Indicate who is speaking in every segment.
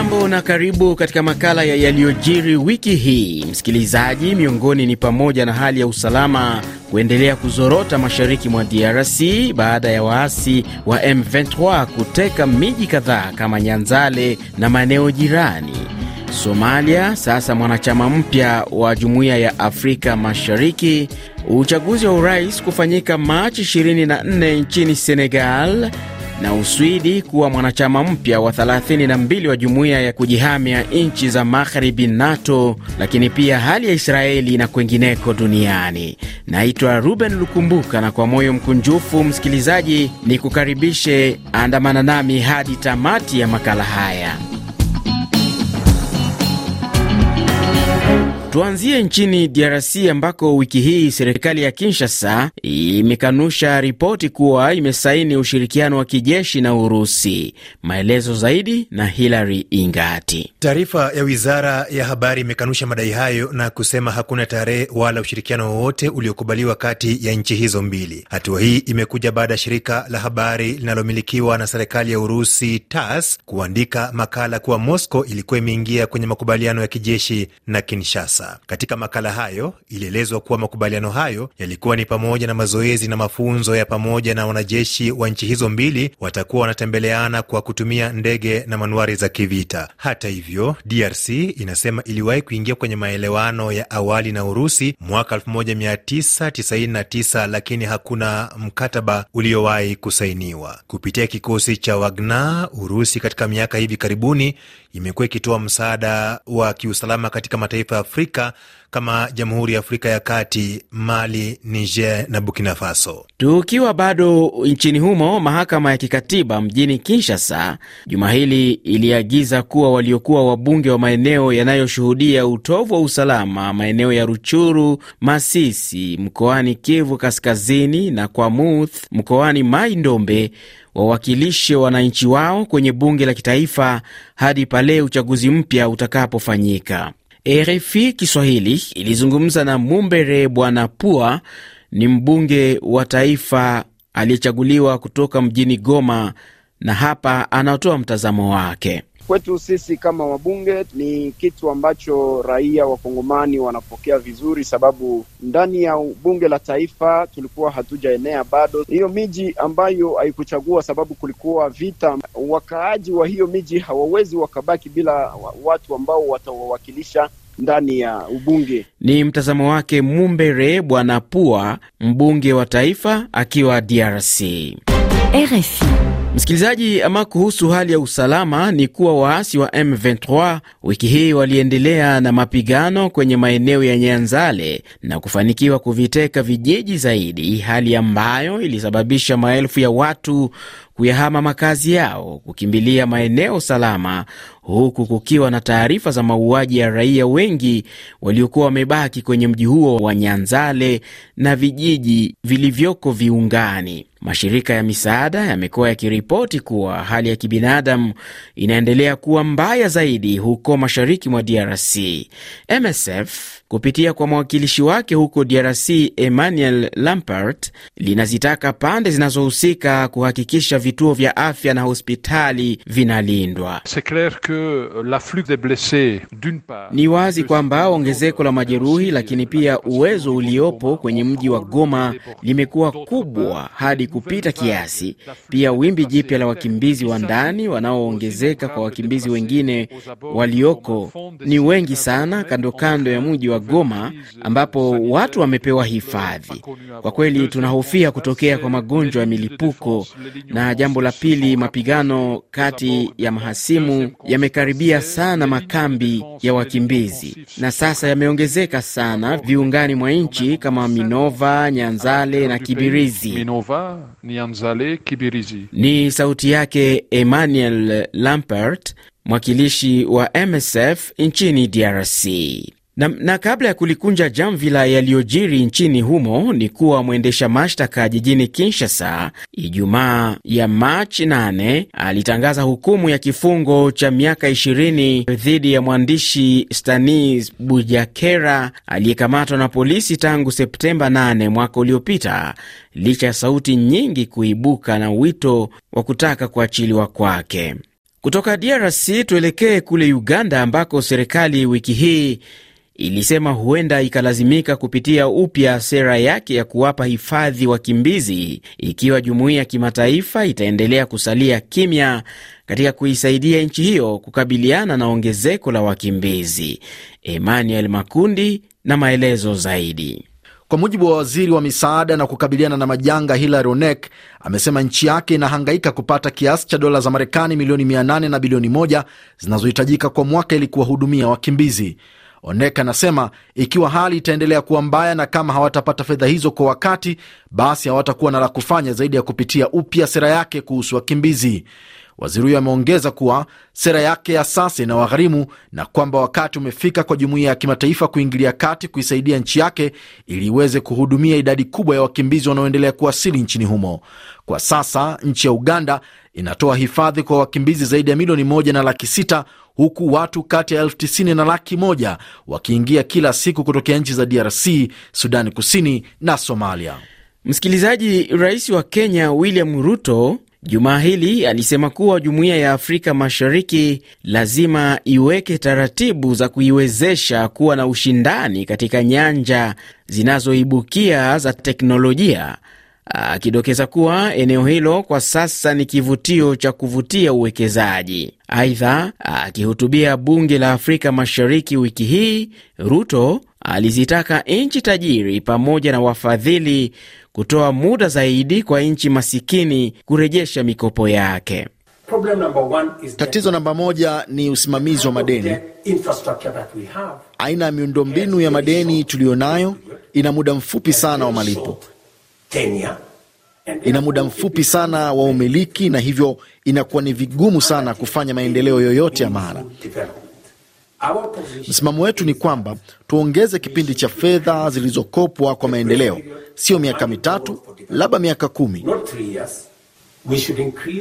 Speaker 1: Hujambo na karibu katika makala ya yaliyojiri wiki hii, msikilizaji. Miongoni ni pamoja na hali ya usalama kuendelea kuzorota mashariki mwa DRC baada ya waasi wa M23 kuteka miji kadhaa kama Nyanzale na maeneo jirani. Somalia sasa mwanachama mpya wa Jumuiya ya Afrika Mashariki. Uchaguzi wa urais kufanyika Machi 24 nchini Senegal na Uswidi kuwa mwanachama mpya wa 32 wa jumuiya ya kujihamia nchi za magharibi NATO, lakini pia hali ya Israeli na kwengineko duniani. Naitwa Ruben Lukumbuka, na kwa moyo mkunjufu msikilizaji, ni kukaribishe andamana nami hadi tamati ya makala haya. Tuanzie nchini DRC ambako wiki hii serikali ya Kinshasa imekanusha ripoti kuwa imesaini ushirikiano wa kijeshi na Urusi. Maelezo zaidi na Hilary Ingati.
Speaker 2: Taarifa ya wizara ya habari imekanusha madai hayo na kusema hakuna tarehe wala ushirikiano wowote uliokubaliwa kati ya nchi hizo mbili. Hatua hii imekuja baada ya shirika la habari linalomilikiwa na serikali ya Urusi tas kuandika makala kuwa Moscow ilikuwa imeingia kwenye makubaliano ya kijeshi na Kinshasa sasa. Katika makala hayo ilielezwa kuwa makubaliano hayo yalikuwa ni pamoja na mazoezi na mafunzo ya pamoja, na wanajeshi wa nchi hizo mbili watakuwa wanatembeleana kwa kutumia ndege na manuari za kivita. Hata hivyo, DRC inasema iliwahi kuingia kwenye maelewano ya awali na Urusi mwaka 1999 lakini hakuna mkataba uliowahi kusainiwa. Kupitia kikosi cha Wagner, Urusi katika miaka hivi karibuni imekuwa ikitoa msaada wa kiusalama katika mataifa ya Afrika Afrika kama Jamhuri ya Afrika ya Kati, Mali, Niger na Burkina Faso. Tukiwa
Speaker 1: bado nchini humo, mahakama ya kikatiba mjini Kinshasa juma hili iliagiza kuwa waliokuwa wabunge wa maeneo yanayoshuhudia utovu wa usalama, maeneo ya Ruchuru, Masisi mkoani Kivu Kaskazini na Kwamuth mkoani Mai Ndombe wawakilishe wananchi wao kwenye bunge la kitaifa hadi pale uchaguzi mpya utakapofanyika. RFI Kiswahili ilizungumza na Mumbere Bwana Pua, ni mbunge wa taifa aliyechaguliwa kutoka mjini Goma, na hapa anatoa mtazamo wake kwetu sisi kama wabunge ni kitu ambacho raia wakongomani wanapokea vizuri, sababu ndani ya bunge la taifa tulikuwa hatujaenea bado hiyo miji ambayo haikuchagua, sababu kulikuwa vita. Wakaaji wa hiyo miji hawawezi wakabaki bila watu ambao watawawakilisha ndani ya ubunge. Ni mtazamo wake Mumbere Bwana Pua, mbunge wa taifa akiwa DRC. RFI. Msikilizaji, ama kuhusu hali ya usalama ni kuwa waasi wa M23 wiki hii waliendelea na mapigano kwenye maeneo ya Nyanzale na kufanikiwa kuviteka vijiji zaidi, hali ambayo ilisababisha maelfu ya watu kuyahama makazi yao kukimbilia maeneo salama, huku kukiwa na taarifa za mauaji ya raia wengi waliokuwa wamebaki kwenye mji huo wa Nyanzale na vijiji vilivyoko viungani. Mashirika ya misaada yamekuwa yakiripoti kuwa hali ya kibinadamu inaendelea kuwa mbaya zaidi huko mashariki mwa DRC. MSF kupitia kwa mwakilishi wake huko DRC Emmanuel Lampert linazitaka pande zinazohusika kuhakikisha vituo vya afya na hospitali vinalindwa. Ni wazi kwamba ongezeko la majeruhi, lakini pia uwezo uliopo kwenye mji wa Goma limekuwa kubwa hadi kupita kiasi. Pia wimbi jipya la wakimbizi wa ndani wanaoongezeka kwa wakimbizi wengine walioko ni wengi sana kando kando ya mji wa Goma ambapo watu wamepewa hifadhi. Kwa kweli tunahofia kutokea kwa magonjwa ya milipuko. Na jambo la pili, mapigano kati ya mahasimu yamekaribia sana makambi ya wakimbizi na sasa yameongezeka sana viungani mwa nchi kama Minova, Nyanzale na Kibirizi. Ni sauti yake Emmanuel Lampert, mwakilishi wa MSF nchini DRC. Na, na kabla ya kulikunja jamvi la yaliyojiri nchini humo ni kuwa mwendesha mashtaka jijini Kinshasa Ijumaa ya Machi 8 alitangaza hukumu ya kifungo cha miaka 20 dhidi ya mwandishi Stanis Bujakera aliyekamatwa na polisi tangu Septemba 8 mwaka uliopita licha ya sauti nyingi kuibuka na wito wa kutaka kuachiliwa kwake. Kutoka DRC tuelekee kule Uganda ambako serikali wiki hii ilisema huenda ikalazimika kupitia upya sera yake ya kuwapa hifadhi wakimbizi ikiwa jumuiya ya kimataifa itaendelea kusalia kimya katika kuisaidia nchi hiyo kukabiliana na ongezeko la wakimbizi. Emmanuel Makundi na
Speaker 3: maelezo zaidi. Kwa mujibu wa waziri wa misaada na kukabiliana na majanga Hilary Onek, amesema nchi yake inahangaika kupata kiasi cha dola za Marekani milioni 800 na bilioni 1 zinazohitajika kwa mwaka ili kuwahudumia wakimbizi. Oneka anasema ikiwa hali itaendelea kuwa mbaya na kama hawatapata fedha hizo kwa wakati, basi hawatakuwa na la kufanya zaidi ya kupitia upya sera yake kuhusu wakimbizi. Waziri huyo ameongeza kuwa sera yake ya sasa inawagharimu na kwamba wakati umefika kwa jumuiya ya kimataifa kuingilia kati kuisaidia nchi yake ili iweze kuhudumia idadi kubwa ya wakimbizi wanaoendelea kuwasili nchini humo. Kwa sasa nchi ya Uganda inatoa hifadhi kwa wakimbizi zaidi ya milioni moja na laki sita huku watu kati ya elfu tisini na laki moja wakiingia kila siku kutokea nchi za DRC, Sudani Kusini na Somalia. Msikilizaji, rais wa
Speaker 1: Kenya William Ruto Jumaa hili alisema kuwa jumuiya ya Afrika Mashariki lazima iweke taratibu za kuiwezesha kuwa na ushindani katika nyanja zinazoibukia za teknolojia, akidokeza kuwa eneo hilo kwa sasa ni kivutio cha kuvutia uwekezaji. Aidha, akihutubia bunge la Afrika Mashariki wiki hii, Ruto alizitaka nchi tajiri pamoja na wafadhili kutoa muda zaidi kwa
Speaker 3: nchi masikini kurejesha mikopo yake. Tatizo namba moja ni usimamizi wa madeni. Aina ya miundombinu ya madeni tuliyonayo ina muda mfupi sana wa malipo, ina muda mfupi sana wa umiliki, na hivyo inakuwa ni vigumu sana kufanya maendeleo yoyote ya mara. Msimamo wetu ni kwamba tuongeze kipindi cha fedha zilizokopwa kwa maendeleo, sio miaka mitatu, labda miaka kumi.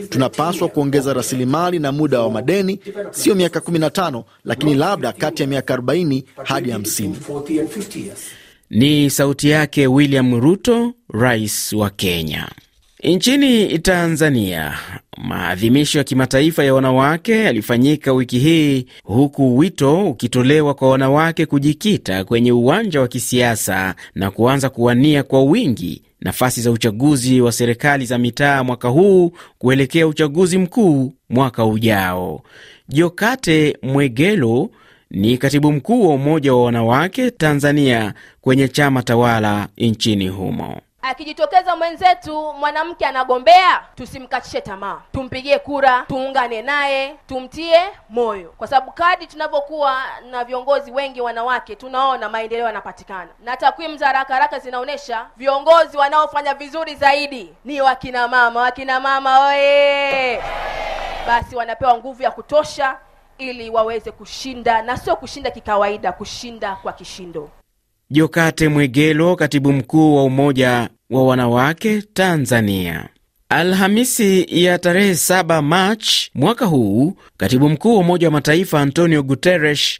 Speaker 3: Tunapaswa kuongeza rasilimali na muda wa madeni, sio miaka 15, lakini labda kati ya miaka 40 hadi
Speaker 2: 50.
Speaker 1: Ni sauti yake William Ruto, rais wa Kenya. Nchini Tanzania, Maadhimisho ya kimataifa ya wanawake yalifanyika wiki hii huku wito ukitolewa kwa wanawake kujikita kwenye uwanja wa kisiasa na kuanza kuwania kwa wingi nafasi za uchaguzi wa serikali za mitaa mwaka huu kuelekea uchaguzi mkuu mwaka ujao. Jokate Mwegelo ni katibu mkuu wa Umoja wa Wanawake Tanzania kwenye chama tawala nchini humo.
Speaker 4: Akijitokeza mwenzetu mwanamke anagombea, tusimkatishe tamaa, tumpigie kura, tuungane naye, tumtie moyo, kwa sababu kadi tunavyokuwa na viongozi wengi wanawake, tunaona maendeleo yanapatikana, na takwimu za haraka haraka zinaonyesha viongozi wanaofanya vizuri zaidi ni wakina mama. Wakina mama oye! Basi wanapewa nguvu ya kutosha ili waweze kushinda, na sio kushinda kikawaida, kushinda kwa kishindo.
Speaker 1: Jokate Mwegelo, katibu mkuu wa Umoja wa Wanawake Tanzania. Alhamisi ya tarehe 7 Machi mwaka huu, katibu mkuu wa Umoja wa Mataifa Antonio Guterres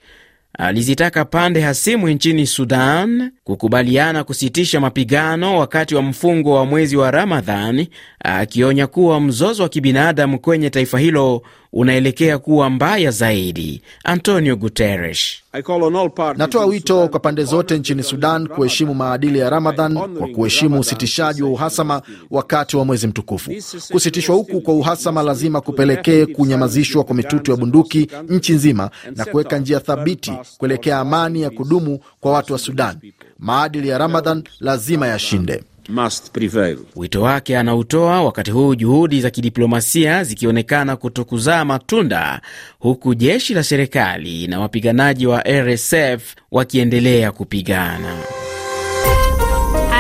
Speaker 1: alizitaka pande hasimu nchini Sudan kukubaliana kusitisha mapigano wakati wa mfungo wa mwezi wa Ramadhani, akionya kuwa mzozo wa kibinadamu kwenye taifa hilo unaelekea kuwa mbaya zaidi. Antonio Guterres:
Speaker 3: natoa wito kwa pande zote nchini Sudan kuheshimu maadili ya Ramadhan kwa kuheshimu usitishaji wa uhasama wakati wa mwezi mtukufu. Kusitishwa huku kwa uhasama lazima kupelekee kunyamazishwa kwa mitutu ya bunduki nchi nzima na kuweka njia thabiti kuelekea amani ya kudumu kwa watu wa Sudan. Maadili ya Ramadhan lazima yashinde must prevail. Wito wake
Speaker 1: anautoa wakati huu juhudi za kidiplomasia zikionekana kutokuzaa matunda, huku jeshi la serikali na wapiganaji wa RSF wakiendelea kupigana.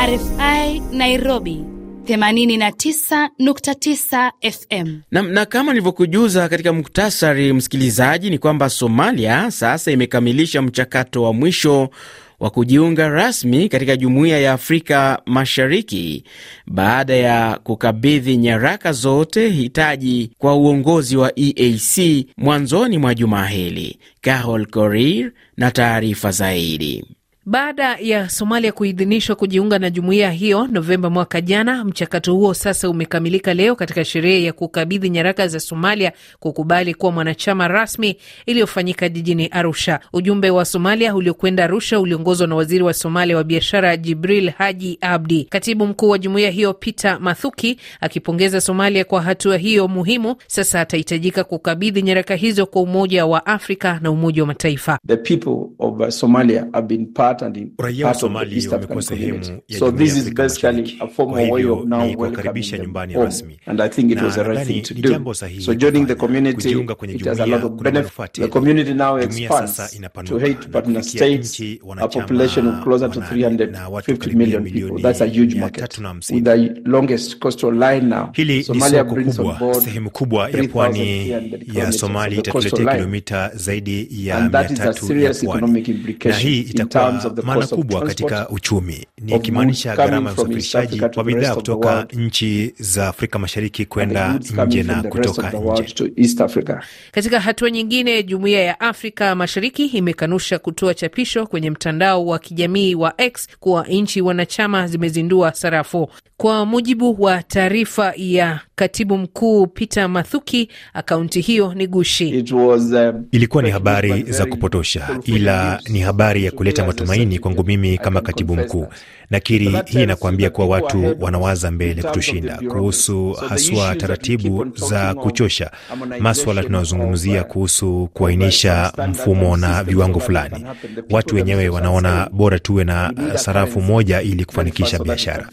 Speaker 4: RFI Nairobi 89.9 FM.
Speaker 1: Na, na kama nilivyokujuza katika muktasari msikilizaji, ni kwamba Somalia sasa imekamilisha mchakato wa mwisho wa kujiunga rasmi katika jumuiya ya Afrika Mashariki baada ya kukabidhi nyaraka zote hitaji kwa uongozi wa EAC mwanzoni mwa juma hili. Carol Korir na taarifa zaidi.
Speaker 4: Baada ya Somalia kuidhinishwa kujiunga na jumuiya hiyo Novemba mwaka jana, mchakato huo sasa umekamilika leo katika sherehe ya kukabidhi nyaraka za Somalia kukubali kuwa mwanachama rasmi iliyofanyika jijini Arusha. Ujumbe wa Somalia uliokwenda Arusha uliongozwa na waziri wa Somalia wa biashara Jibril Haji Abdi. Katibu mkuu wa jumuiya hiyo Peter Mathuki akipongeza Somalia kwa hatua hiyo muhimu, sasa atahitajika kukabidhi nyaraka hizo kwa Umoja wa Afrika na Umoja wa Mataifa.
Speaker 1: The people of Somalia have been part
Speaker 2: Raia wa Somalia wamekuwa sehemu ya so this is basically kuwakaribisha nyumbani rasmi, and I think it was the right thing to do. So joining the community, it has a lot of benefit. The community now expands to
Speaker 1: Hili ni soko kubwa, sehemu
Speaker 2: kubwa ya pwani ya Somalia itatuletea kilomita zaidi ya 300 ya pwani, na hii itakuwa maana kubwa katika uchumi ni ikimaanisha gharama ya usafirishaji wa bidhaa kutoka nchi za Afrika Mashariki kwenda nje na kutoka nje.
Speaker 4: Katika hatua nyingine, jumuiya ya Afrika Mashariki imekanusha kutoa chapisho kwenye mtandao wa kijamii wa X kuwa nchi wanachama zimezindua sarafu. Kwa mujibu wa taarifa ya katibu mkuu Peter Mathuki, akaunti hiyo ni gushi. It was,
Speaker 2: um, ilikuwa ni habari za kupotosha, ila ni habari ya kuleta matumaini matumaini kwangu mimi kama katibu mkuu. Nakiri hii inakuambia kuwa watu wanawaza mbele kutushinda kuhusu haswa taratibu za kuchosha, maswala tunayozungumzia uh, kuhusu kuainisha mfumo na viwango fulani. Watu wenyewe wanaona bora tuwe na sarafu moja ili kufanikisha biashara.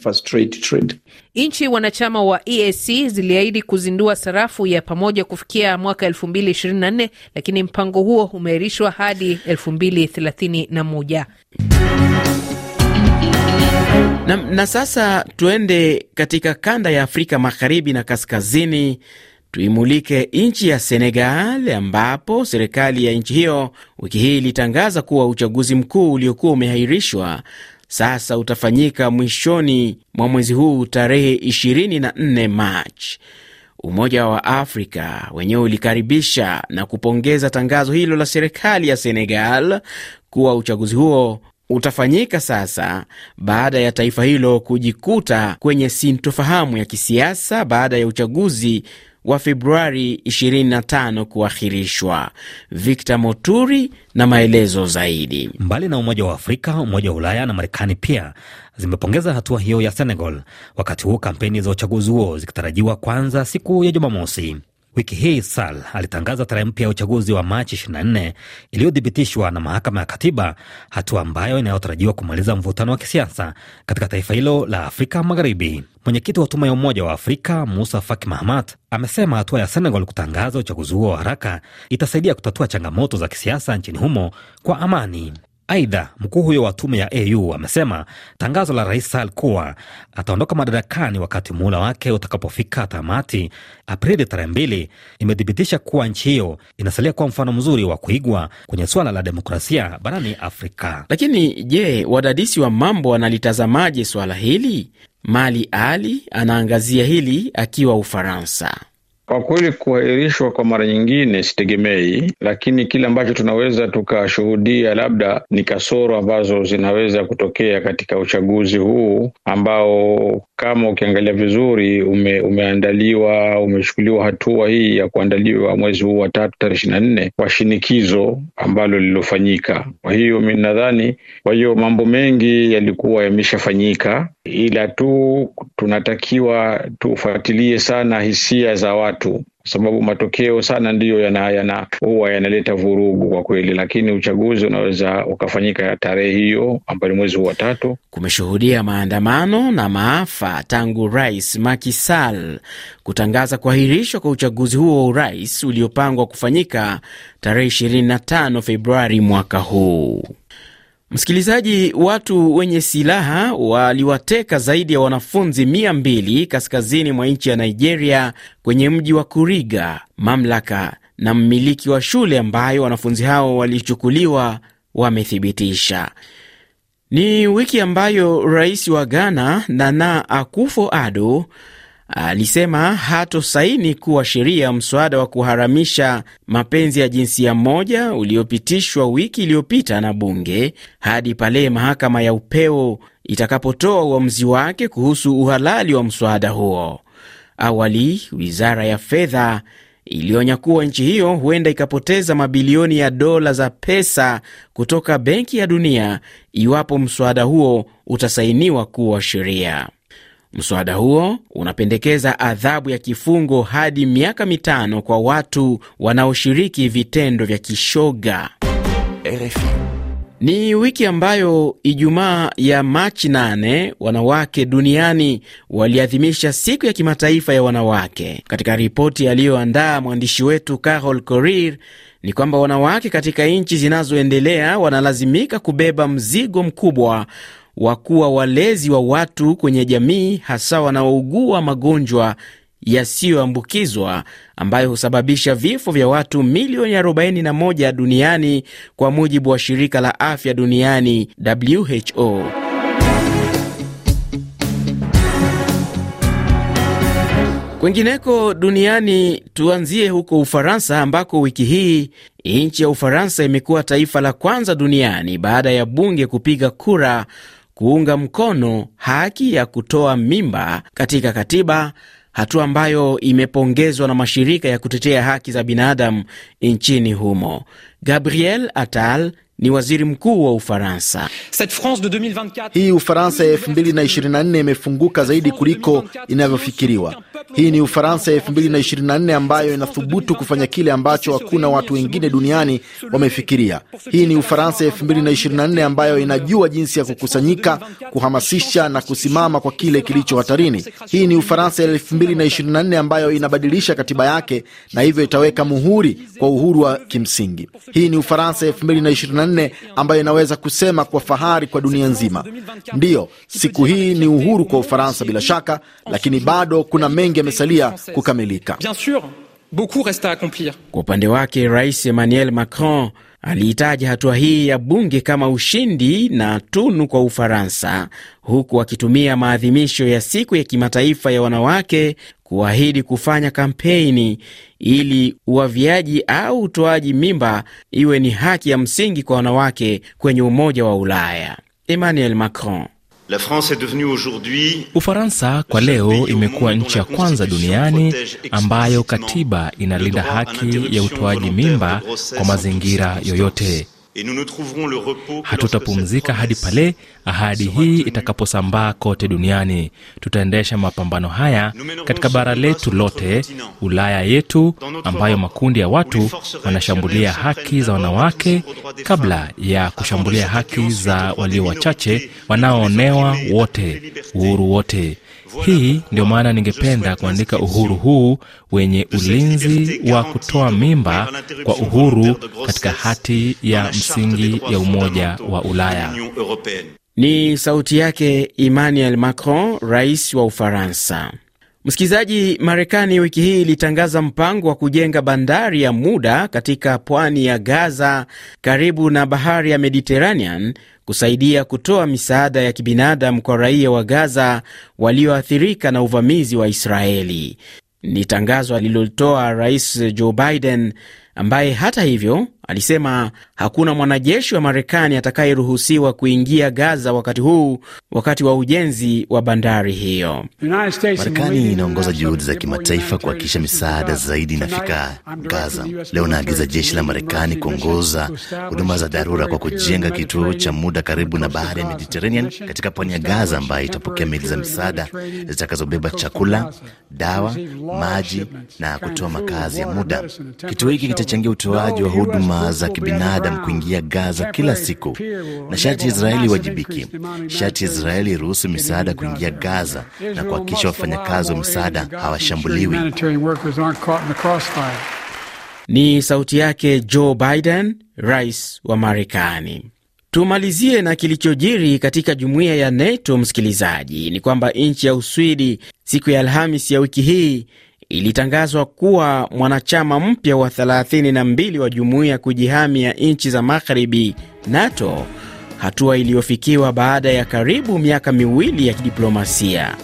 Speaker 4: Nchi wanachama wa EAC ziliahidi kuzindua sarafu ya pamoja kufikia mwaka 2024 lakini mpango huo umeahirishwa hadi 2031.
Speaker 1: Na, na sasa tuende katika kanda ya Afrika magharibi na kaskazini tuimulike nchi ya Senegal ambapo serikali ya nchi hiyo wiki hii ilitangaza kuwa uchaguzi mkuu uliokuwa umeahirishwa sasa utafanyika mwishoni mwa mwezi huu tarehe 24 Machi. Umoja wa Afrika wenyewe ulikaribisha na kupongeza tangazo hilo la serikali ya Senegal kuwa uchaguzi huo utafanyika sasa baada ya taifa hilo kujikuta kwenye sintofahamu ya kisiasa baada ya uchaguzi wa Februari 25 kuahirishwa. Victor Moturi na maelezo zaidi. Mbali na Umoja wa Afrika, Umoja wa Ulaya na Marekani pia zimepongeza hatua hiyo ya Senegal, wakati huu kampeni za uchaguzi huo zikitarajiwa kwanza siku ya Jumamosi. Wiki hii Sal alitangaza tarehe mpya ya uchaguzi wa Machi 24 iliyothibitishwa na mahakama ya katiba, hatua ambayo inayotarajiwa kumaliza mvutano wa kisiasa katika taifa hilo la Afrika Magharibi. Mwenyekiti wa tume ya Umoja wa Afrika Musa Faki Mahamat amesema hatua ya Senegal kutangaza uchaguzi huo wa haraka itasaidia kutatua changamoto za kisiasa nchini humo kwa amani. Aidha, mkuu huyo wa tume ya AU amesema tangazo la rais Sall kuwa ataondoka madarakani wakati muhula wake utakapofika tamati Aprili mbili imethibitisha kuwa nchi hiyo inasalia kuwa mfano mzuri wa kuigwa kwenye suala la demokrasia barani Afrika. Lakini je, wadadisi wa mambo wanalitazamaje suala hili? Mali Ali anaangazia hili akiwa Ufaransa. Kwa kweli kuahirishwa kwa mara nyingine sitegemei, lakini kile ambacho tunaweza tukashuhudia labda ni kasoro ambazo zinaweza kutokea katika uchaguzi huu ambao kama ukiangalia vizuri ume, umeandaliwa umechukuliwa hatua hii ya kuandaliwa mwezi huu wa tatu tarehe ishirini na nne kwa shinikizo ambalo lilofanyika. Kwa hiyo mi nadhani, kwa hiyo mambo mengi yalikuwa yameshafanyika, ila tu tunatakiwa tufuatilie sana hisia za watu kwa sababu matokeo sana ndiyo yana, yana huwa yanaleta vurugu kwa kweli, lakini uchaguzi unaweza ukafanyika tarehe hiyo ambayo ni mwezi huu wa tatu. Kumeshuhudia maandamano na maafa tangu Rais Macky Sall kutangaza kuahirishwa kwa uchaguzi huo wa urais uliopangwa kufanyika tarehe 25 Februari mwaka huu. Msikilizaji, watu wenye silaha waliwateka zaidi ya wanafunzi mia mbili kaskazini mwa nchi ya Nigeria kwenye mji wa Kuriga. Mamlaka na mmiliki wa shule ambayo wanafunzi hao walichukuliwa wamethibitisha. Ni wiki ambayo rais wa Ghana Nana Akufo-Addo alisema hatosaini kuwa sheria mswada wa kuharamisha mapenzi ya jinsia moja uliopitishwa wiki iliyopita na bunge hadi pale mahakama ya upeo itakapotoa uamuzi wake kuhusu uhalali wa mswada huo. Awali, wizara ya fedha ilionya kuwa nchi hiyo huenda ikapoteza mabilioni ya dola za pesa kutoka Benki ya Dunia iwapo mswada huo utasainiwa kuwa sheria. Mswada huo unapendekeza adhabu ya kifungo hadi miaka mitano kwa watu wanaoshiriki vitendo vya kishoga. RFI. Ni wiki ambayo Ijumaa ya Machi 8 wanawake duniani waliadhimisha siku ya kimataifa ya wanawake. Katika ripoti aliyoandaa mwandishi wetu Carol Korir ni kwamba wanawake katika nchi zinazoendelea wanalazimika kubeba mzigo mkubwa wa kuwa walezi wa watu kwenye jamii, hasa wanaougua magonjwa yasiyoambukizwa ambayo husababisha vifo vya watu milioni 41 duniani kwa mujibu wa shirika la afya duniani WHO. Kwingineko duniani, tuanzie huko Ufaransa ambako wiki hii nchi ya Ufaransa imekuwa taifa la kwanza duniani baada ya bunge kupiga kura kuunga mkono haki ya kutoa mimba katika katiba, hatua ambayo imepongezwa na mashirika ya kutetea haki za binadamu nchini
Speaker 3: humo. Gabriel Attal ni waziri mkuu wa Ufaransa. Hii Ufaransa ya 2024 imefunguka zaidi kuliko inavyofikiriwa. Hii ni Ufaransa ya 2024 ambayo inathubutu kufanya kile ambacho hakuna watu wengine duniani wamefikiria. Hii ni Ufaransa ya 2024 ambayo inajua jinsi ya kukusanyika, kuhamasisha na kusimama kwa kile kilicho hatarini. Hii ni Ufaransa ya 2024 ambayo inabadilisha katiba yake na hivyo itaweka muhuri kwa uhuru wa kimsingi. Hii ni Ufaransa ya 2024 24 ambayo inaweza kusema kwa fahari kwa dunia nzima, ndiyo siku hii ni uhuru kwa Ufaransa bila shaka, lakini bado kuna mengi yamesalia kukamilika. Kwa upande wake, Rais Emmanuel
Speaker 1: Macron aliitaja hatua hii ya bunge kama ushindi na tunu kwa Ufaransa, huku akitumia maadhimisho ya siku ya kimataifa ya wanawake kuahidi kufanya kampeni ili uaviaji au utoaji mimba iwe ni haki ya msingi kwa wanawake kwenye Umoja wa Ulaya. Emmanuel Macron
Speaker 2: La France est devenue aujourd'hui...
Speaker 1: Ufaransa kwa leo imekuwa nchi ya kwanza duniani ambayo katiba inalinda haki ya utoaji mimba kwa mazingira yoyote.
Speaker 2: Hatutapumzika hadi pale
Speaker 1: ahadi hii itakaposambaa kote duniani. Tutaendesha mapambano haya katika bara letu lote, Ulaya yetu ambayo makundi ya watu wanashambulia haki za wanawake kabla ya kushambulia haki za walio wachache wanaoonewa wote, uhuru wote hii ndio maana ningependa kuandika uhuru huu wenye ulinzi wa kutoa mimba kwa uhuru katika hati ya msingi ya Umoja wa Ulaya. Ni sauti yake Emmanuel Macron, rais wa Ufaransa. Msikilizaji, Marekani wiki hii ilitangaza mpango wa kujenga bandari ya muda katika pwani ya Gaza karibu na bahari ya Mediterranean kusaidia kutoa misaada ya kibinadamu kwa raia wa Gaza walioathirika na uvamizi wa Israeli. Ni tangazo alilotoa Rais Joe Biden ambaye hata hivyo alisema hakuna mwanajeshi wa Marekani atakayeruhusiwa kuingia Gaza wakati huu, wakati wa ujenzi wa bandari hiyo. Marekani
Speaker 3: inaongoza juhudi za kimataifa kuhakikisha misaada zaidi inafika Gaza. Leo naagiza jeshi la Marekani kuongoza huduma za dharura kwa kujenga kituo cha muda karibu na bahari ya Mediterranean katika pwani ya Gaza, ambayo itapokea meli za misaada zitakazobeba chakula, dawa, maji na kutoa makazi ya muda. Kituo hiki kitachangia utoaji wa huduma huduma za kibinadamu kuingia Gaza kila siku, na sharti Israeli iwajibike. Sharti Israeli iruhusu misaada kuingia Gaza na kuhakikisha wafanyakazi wa misaada hawashambuliwi. Ni sauti yake Joe
Speaker 1: Biden, rais wa Marekani. Tumalizie na kilichojiri katika jumuiya ya NATO. Msikilizaji, ni kwamba nchi ya Uswidi siku ya Alhamis ya wiki hii ilitangazwa kuwa mwanachama mpya wa 32 wa jumuiya ya kujihami ya nchi za magharibi NATO, hatua iliyofikiwa baada ya karibu miaka miwili ya kidiplomasia.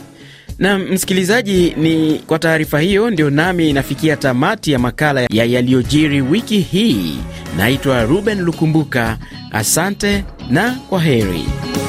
Speaker 1: Na msikilizaji, ni kwa taarifa hiyo ndio nami inafikia tamati ya makala ya yaliyojiri wiki hii. Naitwa Ruben Lukumbuka, asante na kwa heri.